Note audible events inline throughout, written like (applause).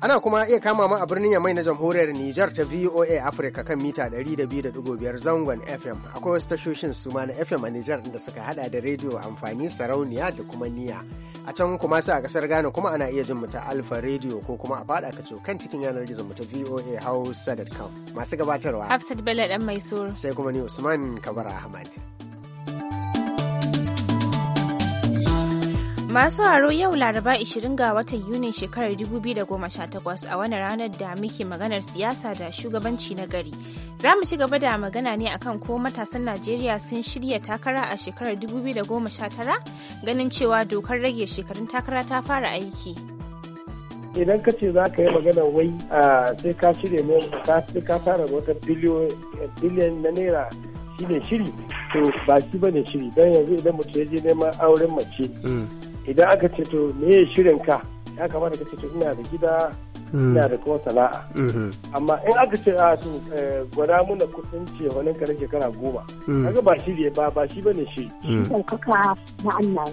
Ana kuma iya kama mu a birnin Yamai na jamhuriyar Nijar ta VOA Africa kan mita 200.5 zangon FM. Akwai wasu tashoshin su ma na FM a Nijar da suka hada da rediyo amfani sarauniya da kuma niya. A can kuma sai a kasar Ghana kuma ana iya jin mu ta Alfa Radio ko kuma a fada kaco kan cikin yanar gizo mu ta VOA Hausa.com. Masu gabatarwa. Hafsat Bello dan mai Sai kuma ni Usman Kabara Ahmad. Masu haro yau Laraba 20 ga watan yuni shekarar 2018 a wani ranar da muke maganar siyasa da shugabanci na gari. Za mu ci gaba da magana ne akan ko matasan Najeriya sun shirya takara a shekarar 2019 ganin cewa dokar rage shekarun takara ta fara aiki. idan ka ce za ka yi magana wai sai ka shirya ne sai ka fara wata biliyan na naira shi ne shiri to ba shi ba ne shiri don yanzu idan mutum ya je neman auren mace mm. idan aka ce to me shirin ka ya kamata ka ce to ina da gida hmm. ina da kuma sana'a hmm. amma in aka ce a ah, to eh, gwada muna kudin ce wani kare shekara goma hmm. kaga ba shi ba ba shi bane shi ɗaukaka na Allah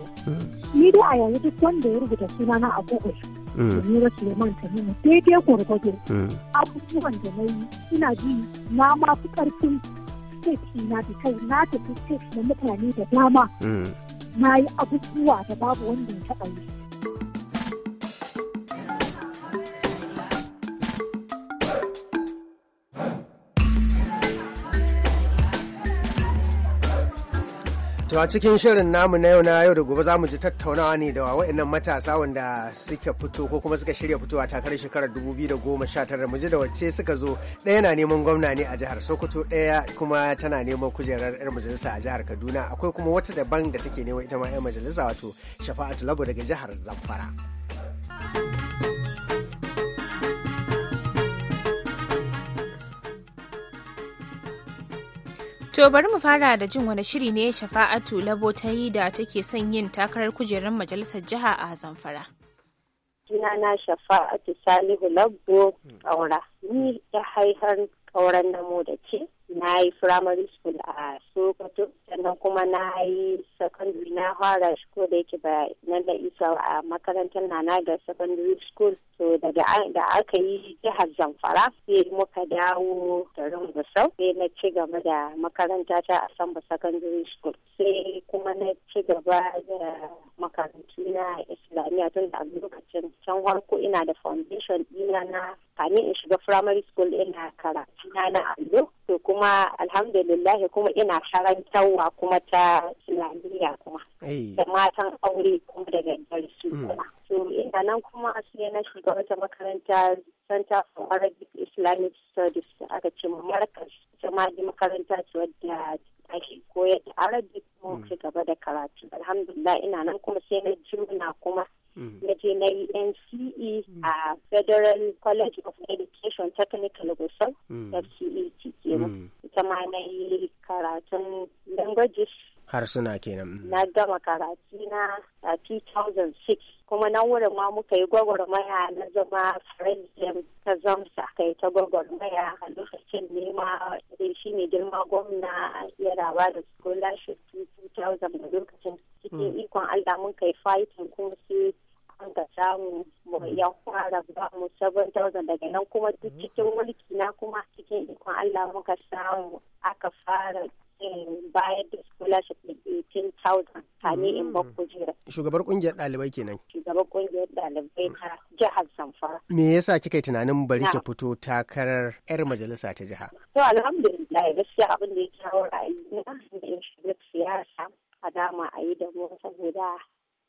ni dai a yanzu duk wanda ya rubuta suna na agogo Nura manta Tanimu daidai gwargwado abubuwan da na yi ina ji na ma fi ƙarfin na da kai na tafi state na mutane da dama na yi abubuwa da babu wanda ya taɓa yi To a cikin shirin namu na yau na yau da gobe za mu ji tattaunawa ne da wa'annan matasa wanda suka fito ko kuma suka shirya fitowa takarar shekarar 2019 mu ji da wacce suka zo ɗaya na neman gwamna ne a jihar Sokoto ɗaya kuma tana neman kujerar 'yar majalisa a jihar Kaduna akwai kuma wata daban da take neman ita ma 'yar majalisa wato Shafa'atu Labo daga jihar Zamfara. To bari mu fara da jin wani shiri ne Shafa'atu Labo ta yi da take son yin takarar kujerar majalisar jiha a Zamfara. na Shafa'atu Salihu Labo Kaura. Hmm. Ni ta haihar kauran namo da ce na yi primary school a sokoto sannan kuma na yi secondary na fara shiko da yake ba nan da isa a makarantar na da secondary school so daga da aka yi jihar zamfara sai muka dawo garin gusau sai na ci gaba da makaranta ta a samba secondary school sai kuma na ci gaba da makarantu na islamiyya tun da lokacin can harko ina da foundation ina na kamin in shiga primary school ina karatu na na allo to kuma alhamdulillah kuma ina karantarwa kuma ta islamiyya kuma eh. da matan aure kuma da gangar su kuma to ina nan kuma sai na shiga wata makaranta Center for Arabic Islamic Studies aka ce markas ta ma makaranta ce wadda ake koyar da Arabic hmm. mu ci gaba da karatu alhamdulillah ina nan kuma sai na juna kuma hmm. na je na yi NCE a Federal College of Education Technical Gusau hmm. FCET karatun languages harsuna kenan mm. na gama karatu na a 2006 kuma nan wurin ma muka yi gwagwarmaya na zama president ta zamsa kai ta gwagwarmaya a lokacin nema da eh, shi ne girma gwamna ya raba da scholarship 2000 da lokacin cikin mm. ikon allah mun kai fighting kuma sai an ka samu mm. ya fara ba mu 7,000 daga nan kuma duk cikin mulki na kuma cikin ikon Allah muka samu aka fara Eh, bayar da scholarship ɗin 18,000 kane in mm. kujera. Shugabar ƙungiyar ɗalibai kenan. Shugabar ƙungiyar ɗalibai ta jihar Zamfara. Me yasa kika tunanin bari ki ah. fito takarar 'yar majalisa ta jiha? To alhamdulillah gaskiya abin da ya kawo ra'ayina in shiga siyasa a dama a yi da mu saboda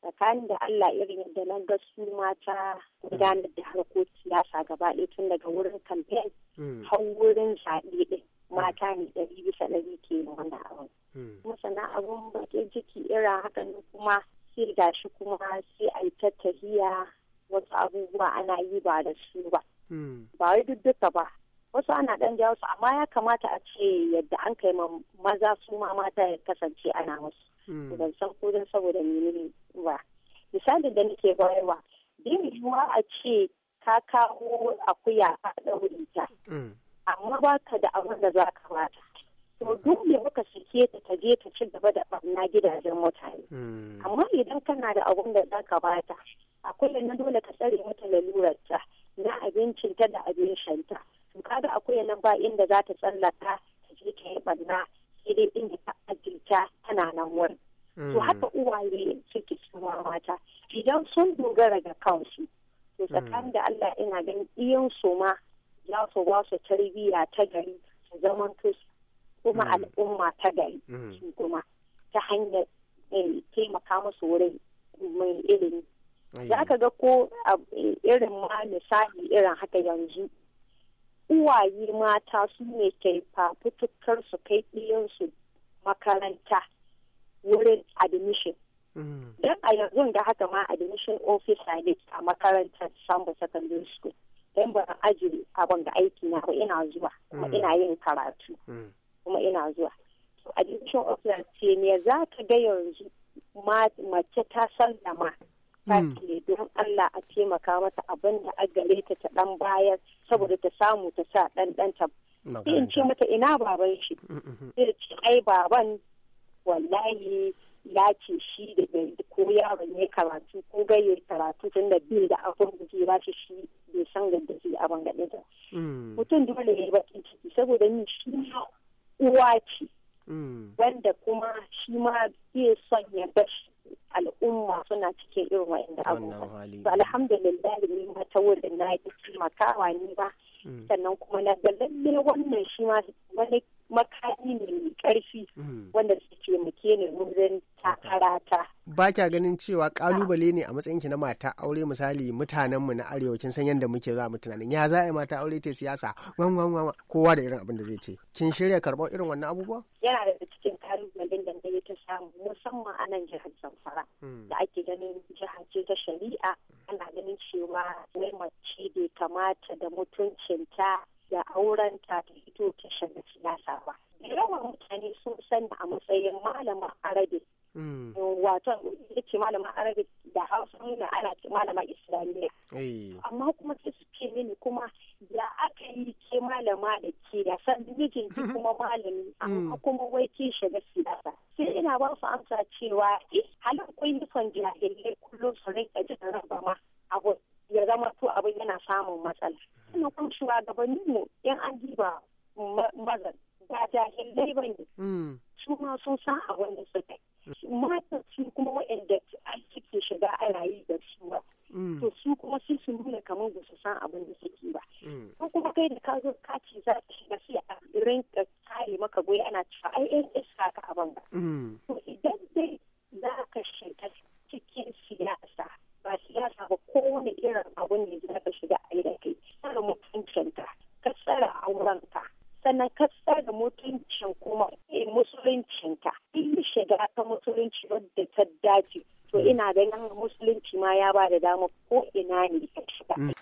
tsakanin da Allah irin yadda na ga su mata gudanar da harkokin siyasa gaba ɗaya tun daga wurin kamfen mm. har wurin zaɓe ɗin. mata ne ɗari bisa ɗari ke wannan abin. Hmm. Kuma sana'arun bakin ciki ira hakan kuma sai ga shi kuma sai a yi tattahiya wasu abubuwa ana yi ba da su ba. Hmm. Ba wai duk duka ba. Wasu ana ɗan jawo su amma ya kamata a ce yadda an kai maza su ma mata ya kasance ana musu. Hmm. Ban san ko don saboda menene ba. Misalin da nake bayarwa, Dini a ce ka kawo akuya a ɗaure ta. amma ba ka da abin da za ka bata to dole muka sike ta ta je ta ci gaba da barna gidajen mutane hmm. amma idan kana da abin da za ka bata akwai yana dole ka tsare mata ta na ta da abin shanta to kaga akwai yana ba inda za ta tsallaka ta je ta yi barna sai dai inda ta tana nan wurin to hmm. haka uwaye suke cewa mata idan sun dogara ga kansu to tsakanin da Allah ina ganin iyan su za su ba su tarbiyya ta gari su zaman kuma mm. al'umma ta gari mm. su kuma ta hanyar eh, taimaka musu wurin mai ilimi za ka ga ko irin ma misali irin haka yanzu uwaye mata su ne ke fafutukar su kai ɗiyansu makaranta wurin admission mm. don a yanzu da haka ma admission officer ne a makarantar sambo secondary school dan ba a banga aiki na ba ina zuwa kuma mm. ina yin karatu mm. kuma ina zuwa to admission ofisar ce ne za ka ga yanzu mace ta sallama mm. ta ce don Allah a taimaka mata abin da a ta ta dan bayar saboda ta samu ta sa dan ta sai in ce mata ina baban shi sai ce ai baban wallahi ya ce shi da bai ko yaron ya karatu ko bai karatu tun da bil da akwai guje ba shi shi bai san da a abin da hmm. mutum dole ya yi bakin ciki saboda ni shi ma uwa ce hmm. wanda kuma shi ma zai son ya bashi al'umma suna cikin irin wa'in da abubuwa alhamdulillah ne ma ta wurin na yi taimakawa ni ba Mm. sannan kuma na ga lalle wannan shi ma wani makami ne mai karfi mm. wanda su muke ni wurin takarata. Ba kya ganin cewa kalubale ne a matsayin ki na mata aure misali mutanen mu na Arewacin san yadda muke za mu tunanin ya za a yi mata aure ta siyasa wan wan wan kowa da irin abin da zai ce. Kin shirya karɓar irin wannan abubuwa? Yana da cikin kalubalen da na yi ta samu musamman a nan jihar Zamfara mm. da ake ganin jiha ce ta shari'a mata da mutuncinta da aurenta ta hito ta shiga siyasa ba. yawan mutane sun sani a matsayin malamin arabe. Mm. Wato ya ce arabe da hausa nuna ana ce malama islamiyya. Eh. Amma kuma sai su ce mini kuma ya aka yi ke malama da ke da san mijin ki (laughs) kuma malami amma mm. kuma wai ke shiga siyasa. Sai ina ba su amsa cewa eh, halin kun yi kullum su rinka jin ba ma samu matsala sannan kuma shugabanni mu yan an diba mazan ba jahilai ba ne su ma sun san abin da suka yi matan su kuma waɗanda suke shiga a rayu da su ba mm. to su kuma sai su nuna kamar ba su san abin da suke ba mm. ko kuma kai da ka zo ka ce za ka shiga sai a rinka kare maka goyi ana cewa ai yan iska ka abin ba mm. to idan dai za ka shiga cikin siyasa ba siyasa ba kowane irin abu ne za ka ba da dama ko ina ne ya shiga. Mm.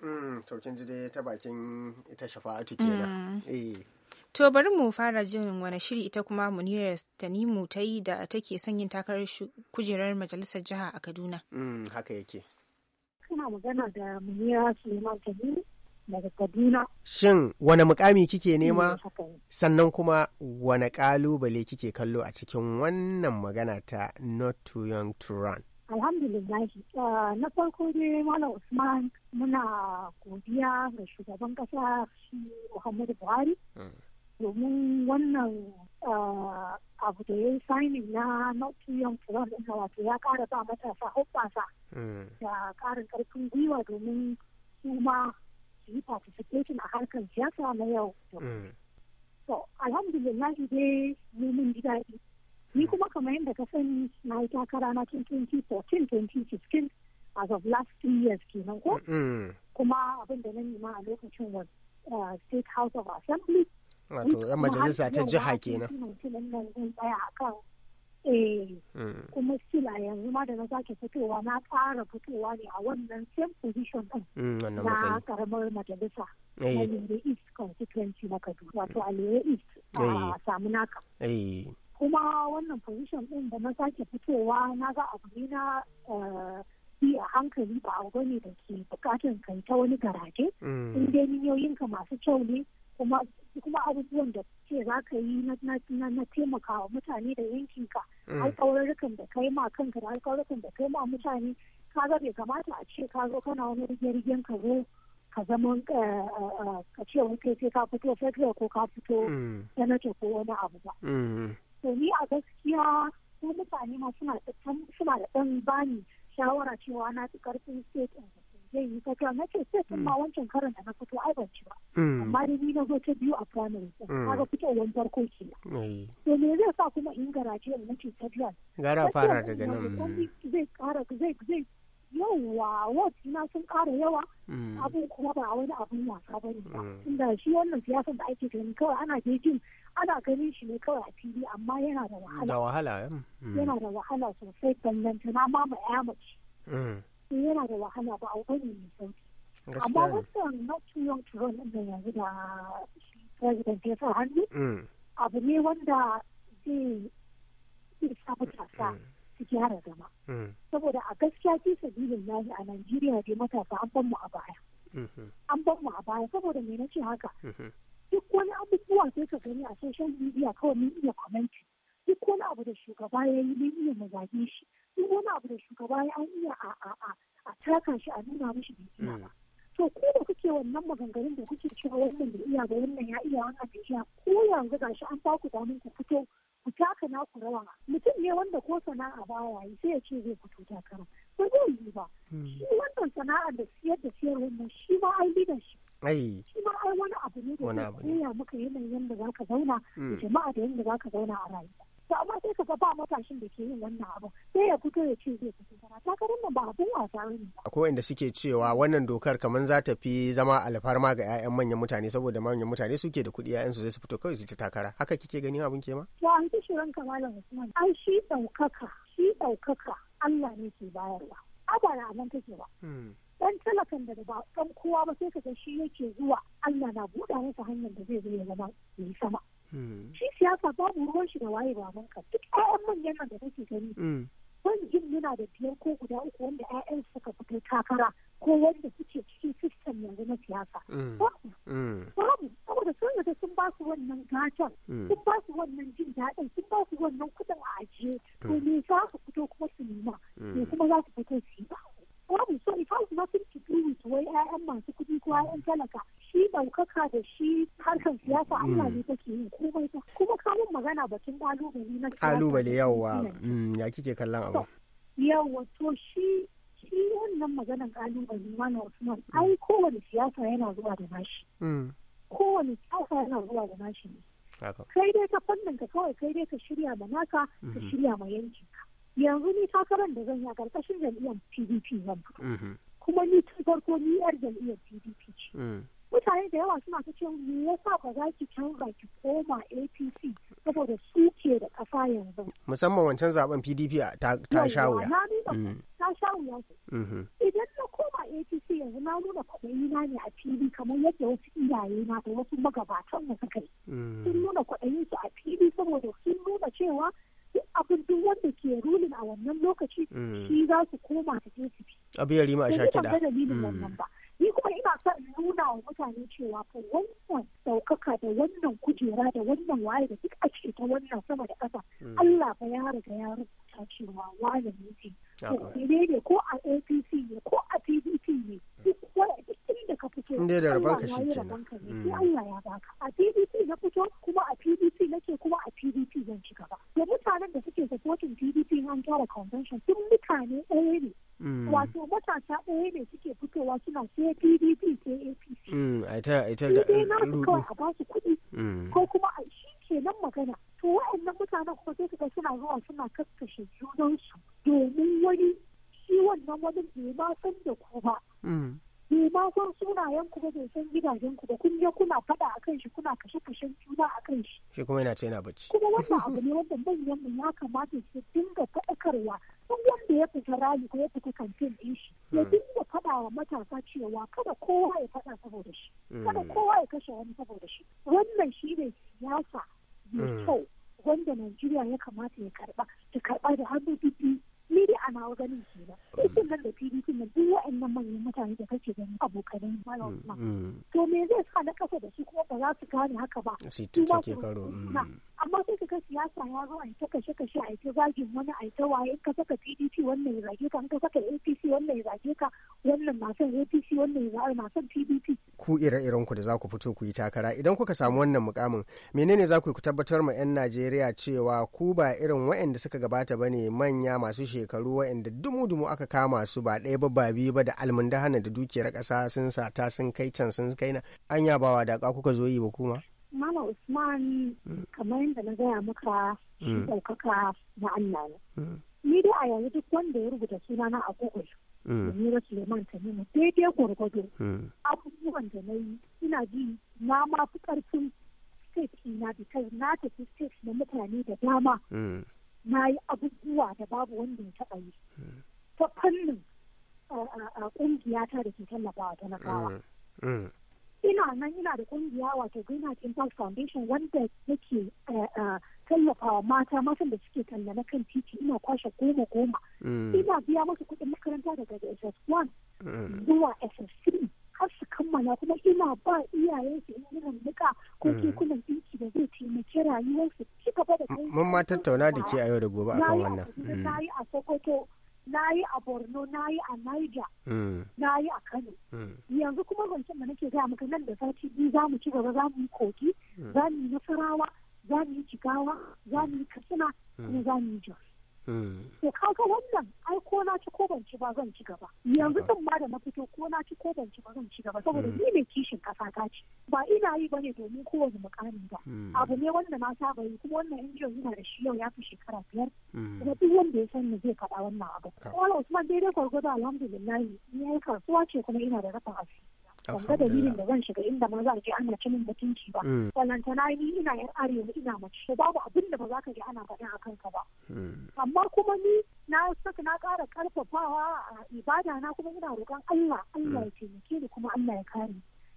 Mm, to kin ji dai ta bakin ita shafa'atu kenan. Mm. Eh. To bari mu fara jin wani shiri ita kuma Munira Tanimu ta yi da take son yin takarar kujerar majalisar jiha a Kaduna. haka yake. Kuna magana da Munira Suleiman Tanimu daga Kaduna. Shin wane mukami kike nema? Sannan kuma wane kalubale kike kallo a cikin wannan magana ta Not Too Young to Run? Alhamdulillahi. Ah, na farko ne Malam Usman muna godiya ga shugaban kasa shi Muhammadu Buhari. Hmm. Domin wannan ah, abu da ya yi signing na Nottingham Forum ɗin wato ya ƙara ba matasa hoɓɓasa hmm. da ƙarin ƙarfin gwiwa domin su ma su yi participation a harkar siyasa na yau. Hmm. To, alhamdulillahi dai mu mun ji daɗi. Ni kuma kamar yadda ka sani na yi takara na 2014 fifteen as of last three years kenan ko? Kuma abin da na nema a lokacin was uh, State House of Assembly. Wato yan majalisa ta jiha kenan. Eh, mm. kuma still a yanzu ma da na sake fitowa na ƙara fitowa ne a wannan same position ɗin mm, na karamar majalisa na eh. Lere East constituency na Kaduna wato a Lere East a eh. samu naka. kuma wannan position ɗin da na sake fitowa na ga abu ne na eh, bi a hankali ba abu ne da ke bukatun kai ta wani garaje mm. in dai ka masu kyau ne kuma kuma abubuwan da ce za ka yi na taimakawa mutane da yankinka mm. alkawarurrukan da kai ma kanka da alkawarurrukan da kai ma mutane ka ga bai kamata a ce ka zo kana wani rige-rigen ka zo ka zama eh, eh, ka ce wani kai sai ka fito federal ko ka fito mm. senator ko wani abu ba to ni a gaskiya ko mutane ma suna suna da ɗan bani shawara cewa na fi ƙarfin state ɗin zai yi tafiya na ce sai sun ma mm. wancan karin da na fito ai ban ci ba mm. amma da ni na zo ta biyu a primary ɗin mm. kaga wani farko ke to me zai sa kuma in garaje na ce ta biyar gara fara daga nan zai ƙara zai zai yauwa ward na sun ƙara yawa mm. abin kuma ba wani abin wasa ba ne ba mm. tunda shi wannan siyasar da ake gani kawai ana jejin ana ganin shi ne kawai a fili amma yana da wahala da wahala mm. yana da wahala sosai ballantana ma ma ya mace eh, yana da wahala ba a wani mai sauki amma wannan na too turon to na yanzu da president ya sa hannu abu ne wanda zai sa matasa gyara gama. Mm. saboda a gaskiya kisa sabilin lahi a Najeriya dai matasa an ban mu a baya mm-hmm. an ban mu a baya saboda me ce haka mm-hmm. duk wani abubuwa sai ka gani a social media kawai mun iya kwamenti duk wani abu da shugaba ya yi mun iya mu zage shi duk wani abu da shugaba ya an iya a a a a taka shi a nuna mishi bai ba mm. to ko da kuke wannan maganganun da kuke cewa wannan bai iya ba wannan ya iya wannan bai iya ko yanzu gashi an ku damin ku fito ku taka ku rawa mutum ne wanda ko sana'a baya yi sai ya ce zai fito takara ba zai yi ba hmm. shi wannan sana'a da siyar da siyar wannan shi ma ai lidan shi shi ma ai wani abu ne da ya koya maka yanayin yadda za ka zauna hmm. jama'a da yadda za ka zauna a rayuwa to amma sai ka ba matashin da ke yin wannan abu sai ya fito ya ce zai fito sana takarar nan ba abin wasa ba akwai wanda suke cewa wannan dokar kamar za ta fi zama alfarma ga 'ya'yan manyan mutane saboda manyan mutane suke da kuɗi 'ya'yansu zai su fito kawai su ta takara haka kike ganin abun ke ma to an shirin kamalan usman an shi ɗaukaka shi ɗaukaka Allah ne ke bayarwa abara nan take ba hmm. dan talakan da ba dan kowa ba sai ka ga shi yake zuwa Allah na buɗa masa hanyar da zai zo ya zama yi sama Mm. shi siyasa babu ruwan shi da waye mun ka duk ƴaƴan manyan nan da kake gani mm. wani jin yana da biyar ko guda uku wanda ƴaƴan suka fito takara ko wanda suke cikin system yanzu na siyasa mm. babu saboda sun yadda sun ba su wannan gatan sun ba su wannan jin daɗin sun ba su wannan kuɗin a ajiye to me za su fito kuma su nema me kuma za su fito su yi ba babu so it has nothing to do with wai 'ya'yan masu kuɗi ko 'ya'yan talaka shi ɗaukaka da shi harkar siyasa mm. Allah ne take yi komai ta kuma kawun magana batun ƙalubale na ƙalubale yawa mm, ya kike kallon abu yawa to shi shi wannan maganan ƙalubale mana Usman mm. ai kowane siyasa yana zuwa da nashi kowane siyasa yana zuwa da nashi ne kai dai ka fannin ka kawai kai dai ka shirya ma naka ka mm-hmm. shirya ma yankinka yanzu ni takarar da zan yi a ƙarƙashin jam'iyyar pdp zan fito mm-hmm. kuma ni tun farko ni yar jam'iyyar pdp ce mm. mutane da yawa suna ta ce me yasa ba za ki canza ki koma apc saboda su ke da ƙasa yanzu musamman wancan zaben pdp mm. ta sha wuya ta sha wuya idan na koma apc yanzu na nuna kwaɗayi na ne a fili kamar yadda wasu iyaye na da wasu magabatan mu suka yi mm. sun nuna kwaɗayin su a fili saboda sun nuna cewa duk abin duk wanda ke rulin a wannan lokaci mm. shi za su koma su je su bi abu yari ma a sha kiɗa dalilin mm. wannan ba ni kuma ina son nuna wa mutane cewa fa wannan ɗaukaka da wannan kujera da wannan waye da duk a ciki ta wannan sama da ƙasa mm. Allah fa ya riga ya rubuta cewa wani ne ne ne ko a APC ne ko a PDP ne inda ka fito inda da rabon ka shi kenan Allah ya baka a PDP na fito kuma a PDP nake kuma a PDP zan ci gaba mutanen da suke supportin pdp an tara convention sun mutane ɗaya ne mm. wato matasa ɗaya ne suke fitowa suna sai pdp sai apc mm, sai na su kawai a ba su kuɗi mm. ko kuma a shi ke nan magana to wa'annan mutanen kuma sai suka suna zuwa suna kakkashe junansu domin wani shi wannan wani bai ma san da ku ba ma san sunayen ku ba bai san gidajen ku ba kun je kuna fada akan shi kuna kashe kashen juna akan shi shi kuma yana ce yana bacci kuma wannan abu ne wanda manyan mu ya kamata su dinga faɗakarwa duk wanda ya fita rali ko ya fita kamfen din shi ya hmm. dinga faɗa wa matasa cewa kada kowa ya faɗa saboda shi kada hmm. kowa ya kashe wani saboda shi wannan shi ne siyasa mai hmm. kyau wanda Najeriya ya kamata ya karba ta karba da hannu ni dai ana wa ganin shi ba cikin nan da pdp na duk wa'annan manyan mutane da kake ganin abokanan malam mm. to me zai sa na kasa da shi kuma ba za su gane haka ba su ba su mm. amma sai ka siyasa ya zo a ta kashe kashe a ta zagin wani a ta waye in ka saka pdp wannan ya zage ka in ka saka apc wannan ya zage ka wannan na son apc wannan ya na son pdp ku ire-iren ku da za ku fito ku yi takara idan kuka samu wannan mukamin menene za ku yi ku tabbatar ma 'yan najeriya cewa ku ba irin wa'anda suka gabata ba ne manya masu shekaru waɗanda dumu-dumu aka kama su ba ɗaya ba ba biyu ba da almundahanar da dukiyar ƙasa sun sata sun kai can sun kai na an bawa da kuka zo yi ba kuma. Mama Usman hmm. kamar yadda na gaya maka hmm. ɗaukaka na Allah ne. Hmm. Ni dai a yanzu duk wanda ya rubuta sunana a Google. da Suleiman Tanimu daidai gwargwado. Abubuwan da na yi ina ji na ma fi ƙarfin state ina because na tafi state na mutane da dama. na yi abubuwa da babu wanda ya taɓa yi hmm. ta fannin ƙungiya ta da ke tallafawa talakawa hmm. Hmm. ina nan ina da ƙungiya wato Greenheart Impact Foundation wanda yake tallafawa mata matan da suke talla na kan titi ina kwashe goma goma ina biya masa kuɗin makaranta daga SS1 zuwa SS3 har su kammala kuma ina ba iyayen su ina nika ko kekunan ɗin aiki da zai taimaki rayuwarsu ci gaba da kai mun ma tattauna da ke a yau da gobe akan wannan mm. na yi a sokoto na yi a borno na yi a niger mm. na yi a kano mm. yanzu kuma zancen da nake gaya maka nan da sati biyu za mu ci gaba za mu yi za mu yi nasarawa za mu yi cikawa za mu yi katsina kuma za mu yi jos to kaga wannan ai ko na ci ko ban ci ba zan ci gaba yanzu zan ma da mafito ko na ci ko ban ci ba zan ci gaba saboda ni mai kishin kasa ta ci ba ina yi bane domin kowane mukami ba hmm. abu ne wanda na saba yi kuma wannan injin yana da shi yau ya fi shekara biyar hmm. kuma duk wanda ya san zai faɗa wannan abu kuma Usman daidai gwargwado alhamdulillah ni ai kasuwa ce kuma ina da rafin asiri ban ga dalilin da zan shiga inda ma za ka ana cinin mutunci ba ta na ni ina yar arewa ina mace babu abin da ba za ka ji ana faɗin a kanka ba amma kuma ni na saka na ƙara ƙarfafawa a ibada na kuma ina roƙon Allah Allah ya taimake ni kuma Allah ya kare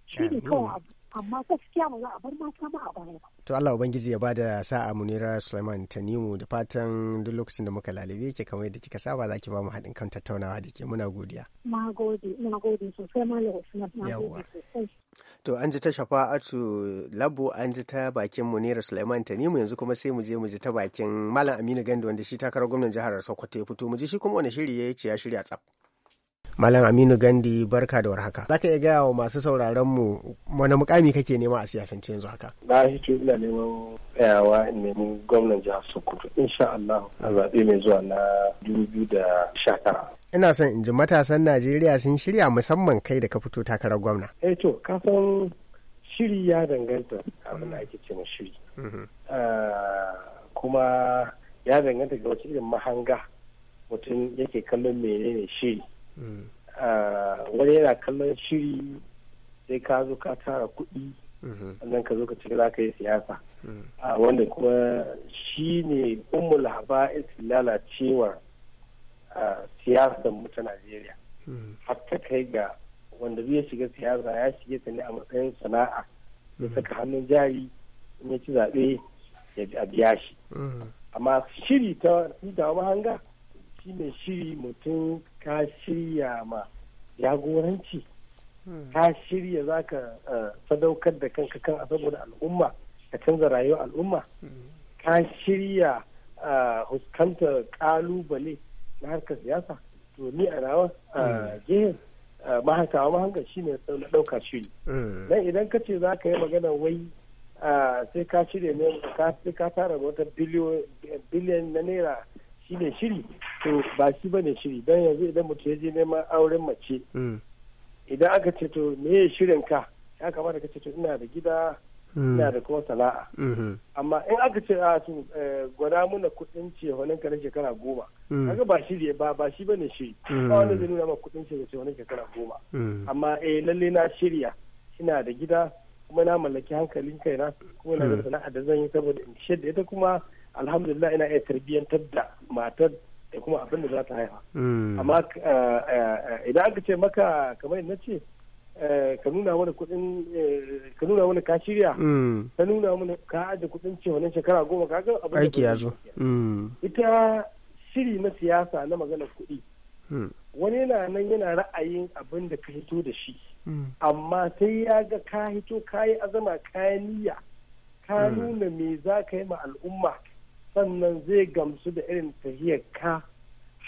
shi ne kawai amma gaskiya ba za a bar mata ma a baya ba. To Allah Ubangiji ya ba da sa'a Munira Sulaiman Tanimu da fatan duk lokacin da muka lalabe ke kamar yadda kika saba za ki ba mu haɗin kan tattaunawa da ke muna godiya. Ma gode, ma gode sosai ma Usman, na gode sosai. To an ji ta Shafa'atu Labo an ji ta bakin Munira Sulaiman Tanimu yanzu kuma sai mu je mu ji ta bakin Malam Aminu Gando wanda shi takarar gwamnan jihar Sokoto ya fito mu ji shi kuma wani shiri ya ce ya shirya tsaf. Malam Aminu Gandi barka da warhaka. Za ka iya gaya wa masu sauraron mu wani mukami kake nema a siyasance yanzu haka? Na hito ina neman tsayawa in nemi gwamnan jihar Sokoto insha Allah a zaɓe mai zuwa na da tara. ina son in ji matasan najeriya sun shirya musamman kai da ka fito takarar gwamna eh to kafin shiri ya danganta abin da ake ce shiri mm-hmm. ah, kuma ya danganta ga wacce irin mahanga mutum yake kallon menene shiri Eh, wani yana kallon shiri sai ka zo ka tara kuɗi sannan ka zo ka cika za ka yi siyasa ah, wanda kuma shi ne ummul haba'is lalacewar ah, siyasar mu ta najeriya hatta kai ga wanda zai shiga siyasa ya shige ta ne a matsayin sana'a ya saka hannun jari in ya ci zaɓe ya biya shi amma shiri ta hutawa mahanga ne shiri mutum ka shirya ma jagoranci hmm. ka shirya za ka eh, sadaukar da kanka kan saboda al'umma ka canza rayuwar al'umma hmm. ka shirya eh, huskantar kalubale na harkar siyasa to ni a nawa eh, hmm. jihar mahakawa mahanga ne na ɗauka shiri dan idan ka ce za ka yi magana wai sai ka shirya ne ka tara wata biliyan na naira shi ne shiri to ba shi ba ne shiri don yanzu idan mutum ya je neman auren mace mm. idan aka ce to me ya shirin ka ya kamata ka ce to ina da gida mm. ina da kuma sana'a mm-hmm. amma in aka ce a ah, su eh, gwada muna kudin cehonin ka na shekara goma mm. kaga ba shiri ba ba shi ne shiri ba wanda zai nuna ma kudin cehonin shekara goma amma eh lalle na shirya ina da gida kuma na mallaki hankalin kaina kuma na da sana'a da zan yi saboda in da ita kuma alhamdulillah ina iya tarbiyyantar da matar da kuma abin da za ta haifa mm. amma eh, eh, idan aka ce maka kamar na ce eh, ka nuna wani kudin ka nuna wani ka shirya mm. ka nuna wani ka aje kudin ce wannan shekara goma ka ga abin aiki ya zo mm. ita shiri na siyasa na maganar kuɗi wani yana nan yana ra'ayin abin da ka hito da shi amma sai ya ga ka hito ka yi azama ka niyya ka nuna me za ka yi ma al'umma sannan zai gamsu da irin tahiyar ka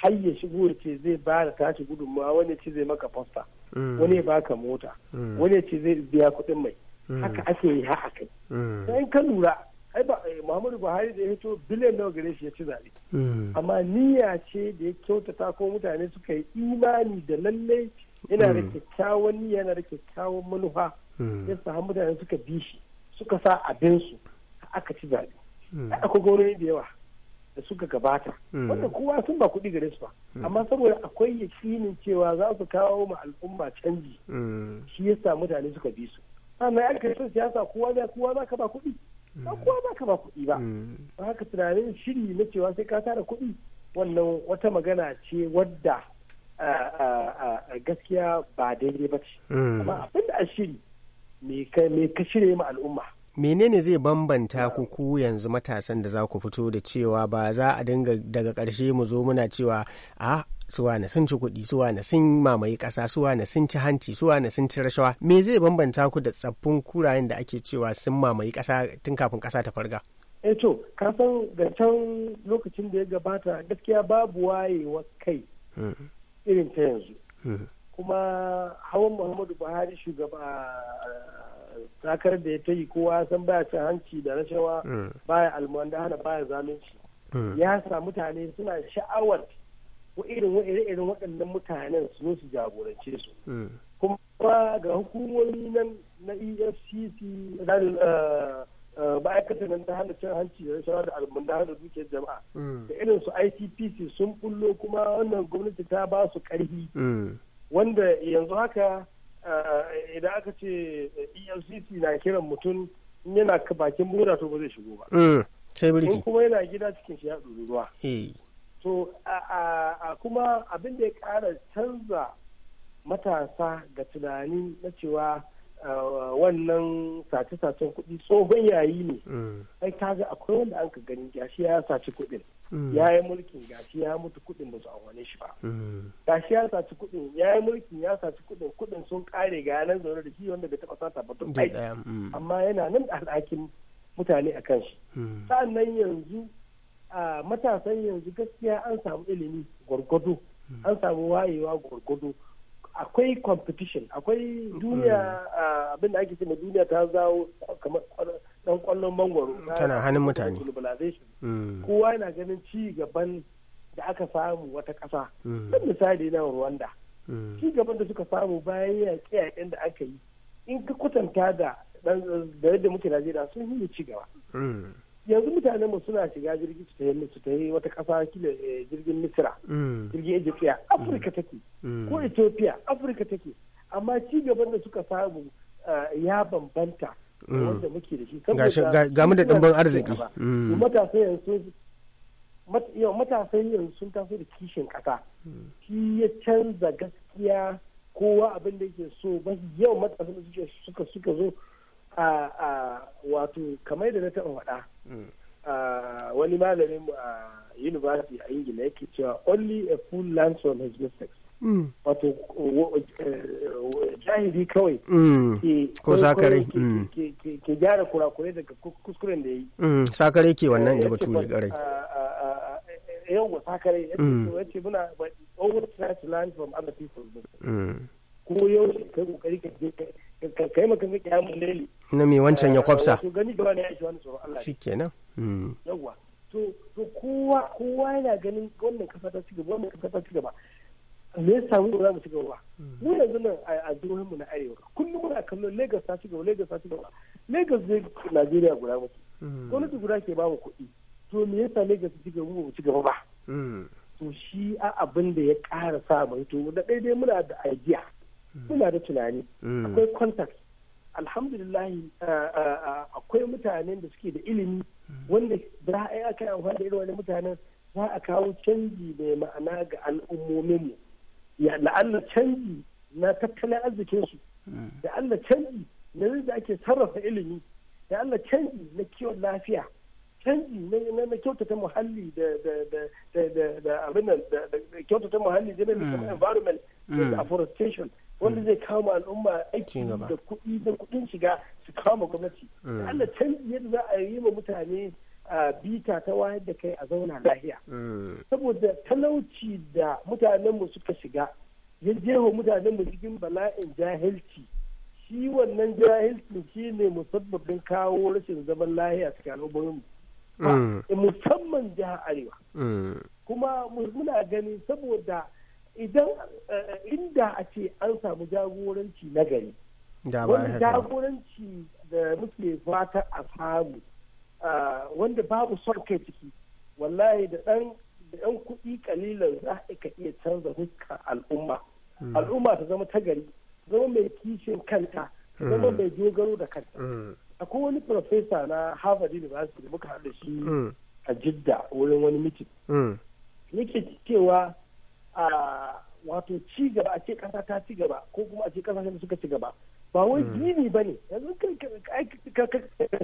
har ya shigo ce zai ba da tashi gudunmawa wani ce zai maka fasta mm. wani ya baka mota mm. wani ce zai biya kuɗin mai mm. haka ake yi har akai in ka lura ai ba eh, Muhammadu Buhari da ya fito biliyan nawa gare shi ya ci zaɓe amma niyya ce da ya kyautata ko mutane suka yi imani da lallai yana da kyakkyawan niyya yana da kyakkyawan manufa yasa har mutane suka bi shi suka sa abinsu aka ci zaɓe Hmm. akwai gwamnati da yawa da suka gabata hmm. wanda kowa sun ba kuɗi gare su ba hmm. amma saboda akwai yakinin cewa za su kawo ma al'umma canji shi yasa mutane suka bi su sannan aka kai siyasa kowa da kowa za ka ba kuɗi ba kowa za ka ba kuɗi ba ba haka tunanin shiri na cewa sai ka tara kuɗi wannan wata magana ce wadda gaskiya ba daidai ba ce amma abin da a shiri me ka shirya ma al'umma menene zai bambanta ku ku yanzu matasan da za ku fito da cewa ba za a dinga daga karshe mu zo muna cewa a suwa na sun ci kuɗi suwa na sun mamaye ƙasa suwa na sun ci hanci suwa na sun ci rashawa me zai bambanta ku da tsaffin kurayen da ake cewa sun mamaye ƙasa tun kafin ƙasa ta farga eh to ka san da can lokacin da ya gabata gaskiya babu wayewa kai hmm. irin ta yanzu hmm. kuma hawan muhammadu buhari shugaba takar da ya ta yi kowa san baya cin hanci da rashawa eh. baya hana baya zalunci eh. ya sa mutane suna sha'awar irin irin waɗannan mutanen su zo su jagorance su eh. kuma ga hukumomi nan na efcc ma'aikatar nan ta hana cin hanci da rashawa da almuwan da dukiyar jama'a da irin su icpc sun bullo kuma wannan gwamnati ta ba su ƙarfi wanda yanzu haka Eh, idan aka ce efcc na kiran mutum yana bakin boda to ba zai shigo ba eh, in kuma yana gida cikin shi ya ɗuri ruwa eh. to a kuma abin da ya ƙara canza matasa ga tunani na cewa wannan sace-sacen kuɗi tsohon yayi ne ai kaga akwai wanda an ka gani gashi ya sace kuɗin Mm. ya yi mulkin gashi ya mutu kudin ba su amfane shi ba mm. gashi ya saci kudin ya yi mulkin ya saci kudin kudin sun kare ga nan zaune da shi wanda bai taba sata ba duk mm. amma yana nan da alhakin mutane a kan shi sa'annan yanzu a matasan yanzu gaskiya an samu ilimi gwargwado an samu wayewa gwargwado akwai competition akwai duniya abin da ake cewa duniya ta zawo kamar dan kwallon mangwaro mm, tana hannun mutane mm. kowa yana ganin ci gaban da aka samu wata ƙasa mm. don misali na rwanda ci gaban da suka samu bayan yaƙe yaƙen da aka yi in ka kwatanta da da yadda muke najeriya sun yi ci gaba yanzu mutanen mu suna shiga jirgi su tafi su tafi wata ƙasa kila eh, jirgin misira jirgin egyptiya afirka take ko ethiopia afirka take amma ci gaban da suka samu eh, ya bambanta Mm. wanda muke da shi ga mu da dimbin arziki mm. matasan yanzu matasan yanzu sun taso da kishin kasa mm. shi ya canza gaskiya kowa abin da yake so ba yau matasan da suka suka zo a wato kamar da na taɓa faɗa wani malamin a university a ingila yake cewa only a fool learns from his mistakes Mm. wato eh, jahili kawai mm. ko sakare ke mm. gyara kurakure daga kuskuren da ya yi sakare ke wannan eh, da ne garai yau sakare ya ce muna over try land from other people ko yau kai kokari ka je ka kai maka ga kiyamun laili na me wancan ya eh, kwafsa to gani da wani ya shi wani tsoro Allah shikenan yawa to to kowa kowa yana ganin wannan kafa ta cigaba wannan ta me ya samu ba za mu ci gaba ba mm. mu yanzu nan a jihohin mu na arewa kullum muna kallon Lagos ta ci gaba Lagos ta ci gaba Lagos zai Najeriya guda mutu mm. gwamnati guda ke ba mu kuɗi to me yasa Lagos ci gaba mu ci gaba ba mm. to shi a abin da ya ƙara sa mai to da daidai muna da idea muna da tunani akwai contact alhamdulillah uh, uh, uh, akwai mutanen da suke da ilimi wanda za a yi aka yi amfani da irin wani mutanen za a kawo canji mai ma'ana ga mu ya la'alla canji na tattalin arzikin arzikinsu da Allah canji na yadda ake sarrafa ilimi da Allah canji na kiwon lafiya canji na kyautata muhalli da abin da kyautata muhalli general mm. environment da mm. afforestation wanda mm. zai kama al'umma aiki da kuɗi da kuɗin shiga su kama gwamnati da Allah canji yadda za a yi ma mutane bita ta wayar da kai a zauna lahiya eh. saboda talauci da mutanenmu suka shiga ya jeho mutanenmu cikin bala'in jahilci shi wannan jahilcin shi ne musabbabin kawo rashin zaman lahiya tsakanin mu hmm. musamman jihar arewa hmm. kuma muna gani saboda idan eh, inda a ce an samu jagoranci na gari wani jagoranci da muke fata a samu wanda babu son kai ciki wallahi da ɗan da ɗan kuɗi kalilan za ka iya canza fuskar al'umma mm. al'umma ta zama tagari zama mai kishin kanta zama mm. mai dogaro da kanta mm. akwai wani profesa na harvard university da muka haɗa shi a jidda wurin wani mitin yake cewa a ah, wato ci gaba a ce ƙasa ta ci gaba ko kuma a ce ƙasashen da suka ci gaba ba wai hmm. gini ba ne yanzu ka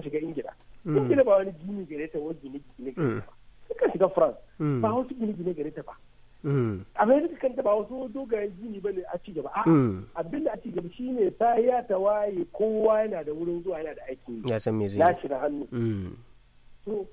shiga ingila hmm. ingila ba wani gini gare ta wani gine gine gare ta hmm. ka shiga france ba wasu gine gine gare ta ba america kanta ba wasu dogayen gini ba ne a ci gaba abin da a ci gaba shine ta ya ta waye kowa yana da wurin zuwa yana da aiki ya san me zai ya shi hannu so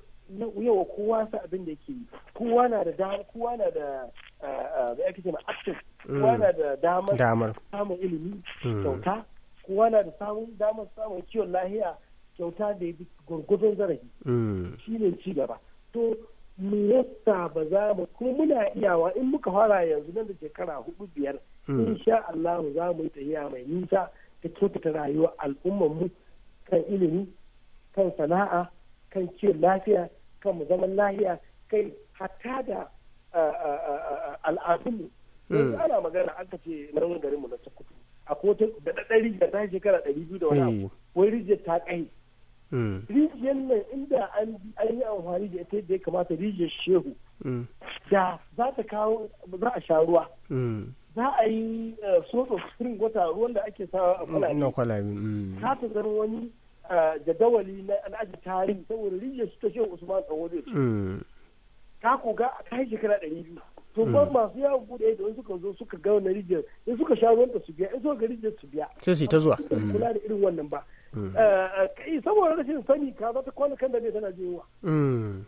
yawa kowa sa abin da yake yi kowa na da kowa na da Eh, eh, mm. da ake cewa access kowa na da damar samun ilimi mm. kyauta kowa na da samun damar samun kiwon lahiya kyauta da ya gwargwadon zarafi mm. shi ne ci gaba to mu yasta ba za mu kuma muna iyawa in muka fara yanzu nan da shekara hudu biyar insha Allah za mu yi tafiya mai nisa ta kyautata rayuwar al'ummar mu kan ilimi kan sana'a kan kiwon lafiya kan mu zaman lahiya kai hatta da eh, al'adunmu hmm. yanzu ana magana an ka ce nan garinmu na sokoto a kotun da ɗaɗɗan rijiyar ta shekara ɗari biyu da wani abu hmm. wai rijiyar ta ƙai hmm. rijiyar nan inda an yi amfani da ita da ya kamata rijiyar shehu da za ta kawo za a sha ruwa za a yi eh, soso spring water ruwan da ake sa a kwalabi za ta zama wani eh, jadawali na al'adar tarihi saboda rijiyar su ta shehu usman tsawo ta koga a kai shekara ɗari biyu to mm. ba masu yawon bude ido in suka zo suka ga wannan rijiyar in suka sha ruwan su biya in suka ga rijiyar su biya sai su ta zuwa kula da irin wannan ba mm. eh, eh, kai saboda rashin sani ka za ta kwana kan da ne tana jewa mm.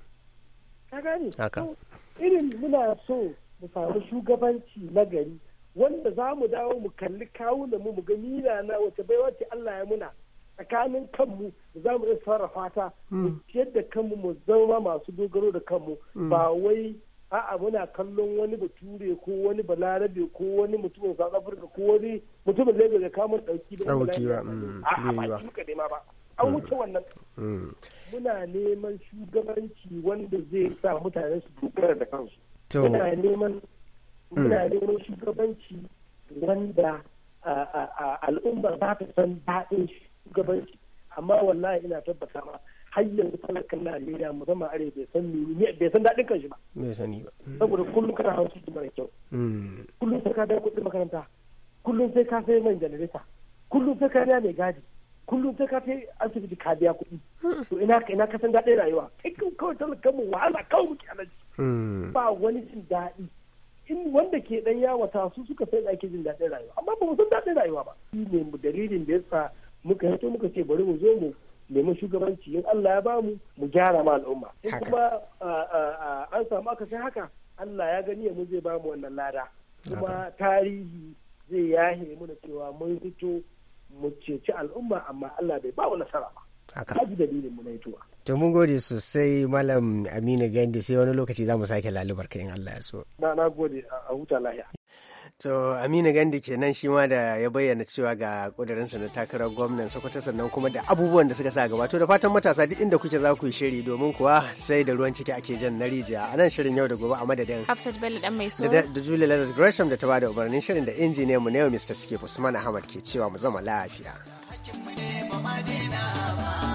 ka gane irin muna so mu samu shugabanci na gari wanda za mu dawo mu kalli kawo mu mu ga mina na wace baiwa ce Allah ya muna tsakanin kanmu za mu iya sarrafa ta mu ciyar da kanmu mu zama masu dogaro da kanmu ba wai a'a muna kallon wani bature ko wani balarabe ko wani mutumin south africa ko wani mutumin lagos ya kamar dauki da wani ba mm, a'a ba shi muka nema ba an wuce mm. wannan mm. muna neman shugabanci wanda zai sa mutane su dogara da kansu muna neman muna neman shugabanci wanda al'umma za ta san daɗin shugabanci amma wallahi ina tabbata ma har yanzu kan Najeriya musamman are bai san mini bai san daɗin kanshi ba. Bai sani ba. Mm. Saboda kullum kana hawan su mara kyau. Mm. Kullum sai ka da kuɗin makaranta. Kullum sai ka sai man janareta. Kullum sai ka biya mai gadi. Kullum sai ka sai asibiti ka biya kuɗi. Mm. To ina ina ka san daɗin rayuwa. Kai kawai talaka kanmu wahala kawai muke alaji. Ba wani jin daɗi. in wanda ke dan yawata su suka sai ake jin daɗin rayuwa amma ba mu san daɗin rayuwa ba shi ne dalilin da yasa muka hito muka ce bari mu zo mu neman shugabanci in Allah ya bamu mu gyara ma al'umma in kuma an samu aka sai haka Allah ya gani mu zai bamu wannan lada kuma tarihi zai yahe muna cewa mun fito mu ceci al'umma amma Allah bai bamu nasara ba haka haji dalilin mu na ituwa to mun gode sosai malam Aminu Gandi sai wani lokaci za mu sake lalubar ka in Allah ya so na na gode a huta lahiya To Aminu Gandi kenan shi ma da ya bayyana cewa ga kudurinsa na takarar gwamnan Sokoto sannan kuma da abubuwan da suka sa gaba. To da fatan matasa duk inda kuke za ku yi shiri domin kuwa sai da ruwan ciki ake jan na rijiya. A nan shirin yau da gobe a madadin. Hafsat Bello dan mai so. Da Julia Lazarus Gresham da ta bada umarnin shirin da injiniyan mu na yau Mr. Skip Usman Ahmad ke cewa mu zama lafiya. Thank you.